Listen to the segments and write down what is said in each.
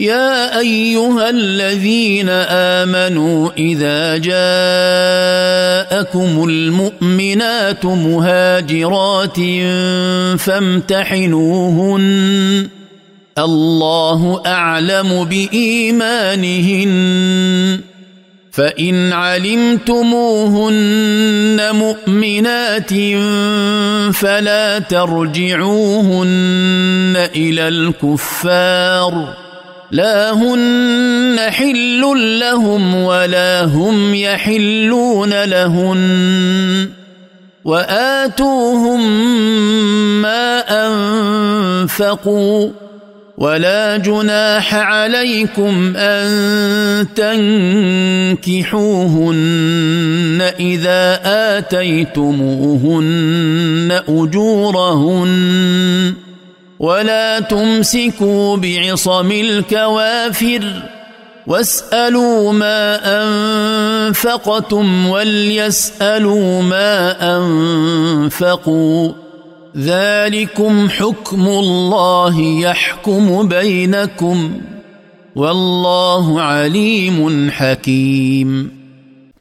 يا ايها الذين امنوا اذا جاءكم المؤمنات مهاجرات فامتحنوهن الله اعلم بايمانهن فان علمتموهن مؤمنات فلا ترجعوهن الى الكفار لا هن حل لهم ولا هم يحلون لهن واتوهم ما انفقوا ولا جناح عليكم ان تنكحوهن اذا اتيتموهن اجورهن ولا تمسكوا بعصم الكوافر واسالوا ما انفقتم وليسالوا ما انفقوا ذلكم حكم الله يحكم بينكم والله عليم حكيم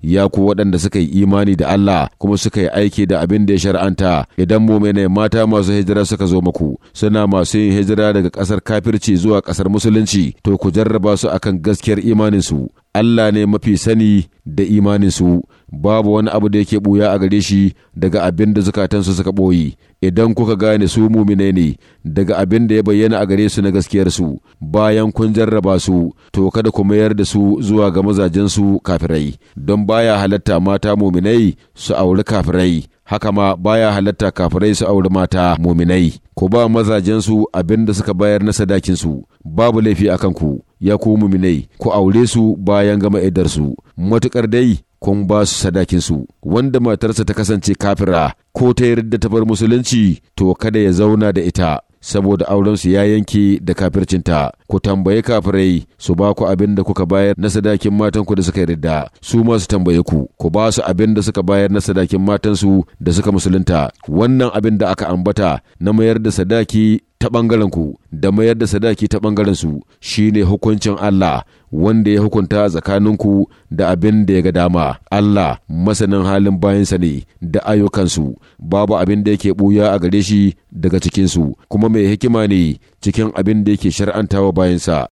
ya ku waɗanda suka yi imani da Allah kuma suka yi aiki da abin da ya shar'anta idan muminai mata masu hijira suka zo muku suna masu yin hijira daga ƙasar kafirci zuwa ƙasar musulunci to ku jarraba su akan gaskiyar imanin su Allah ne mafi sani da imanin su babu wani abu da yake buya a gare shi daga abin da zukatansu suka ɓoye idan kuka gane su mumine ne daga abin da ya bayyana a gare su na gaskiyarsu bayan kun jarraba su to kada ku mayar da su zuwa ga mazajensu kafirai don baya halatta mata muminai su auri kafirai haka ma baya halatta kafirai su auri mata muminai ku ba mazajensu abin da suka bayar na sadakinsu babu laifi a kanku ya ku muminai ku aure su bayan gama idarsu matukar dai kun ba su sadakinsu wanda matarsa ta kasance kafira ko ta yarda ta bar musulunci to kada ya zauna da ita saboda aurensu ya yanke da kafircinta ku tambaye kafirai su ba ku abin da kuka bayar na sadakin matanku da suka yarda su ma su tambaye ku ku ba su abin da suka bayar na sadakin matansu da suka musulunta wannan abin da aka ambata na mayar da sadaki ta bangaren ku da mayar da sadaki ta bangaren su shine hukuncin Allah wanda ya hukunta tsakaninku da abin da ya ga dama Allah masanin halin bayansa ne da ayyukansu babu abin da yake buya a gare shi daga cikinsu kuma mai hikima ne cikin abin da yake shar'antawa bayansa